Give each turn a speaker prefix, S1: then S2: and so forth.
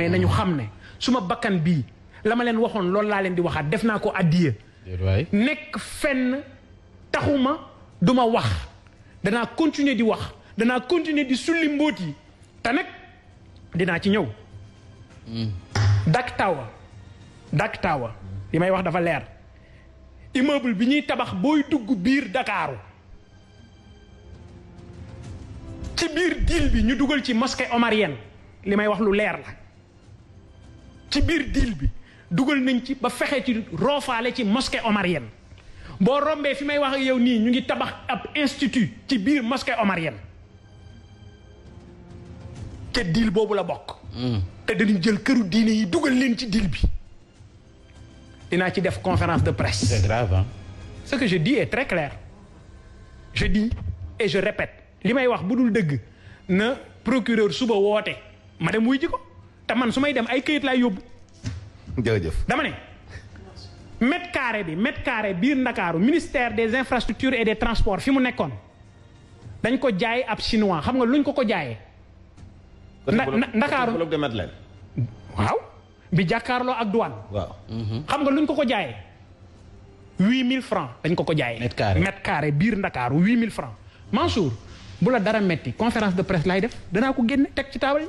S1: mais nañu xam ne suma bakkan bii la ma leen waxoon loolu laa leen di waxaat def naa ko addiya nekk fenn taxuma duma wax danaa continuer di wax danaa continuer di sulli mbóot yi te dinaa ci ñëw hmm. dak tawa dak tawa li may wax dafa leer immeuble bi ñuy tabax booy dugg biir Dakaaru ci biir deal bi ñu dugal ci mosquée omarienne li may wax lu leer la ci biir deal bi dugal nañ ci ba fexe ci roofaale ci mosquée omarienne boo rombee fi may wax ak yow nii ñu ngi tabax ab institut ci biir mosquée omarienne te deal boobu la bokk. Hmm. te dañu jël këru diine yi dugal leen ci deal bi. dinaa ci def conférence de presse. c'est grave hein. ce que je dis est très clair je dis et je répète li may wax bu dul dëgg na procureur suba woote ma dem wuy ji te man su may dem ay këyit laay yóbbu. jërëjëf dama ne. mètre carré bi mètre carré biir Ndakaaru ministère des infrastructures et des transports fi mu nekkoon dañ ko jaay ab chinois xam nga luñ ko ko jaayee. nda Ndakaaru waaw. bi jàkkaarloo ak douane. waaw. Mhm. xam nga luñ ko ko jaayee huit mille francs dañ ko ko jaayee. mètre carré mètre carré biir Ndakaaru huit mille francs Mansour bu la dara metti conférence de presse laay def danaa ko génne teg ci taabal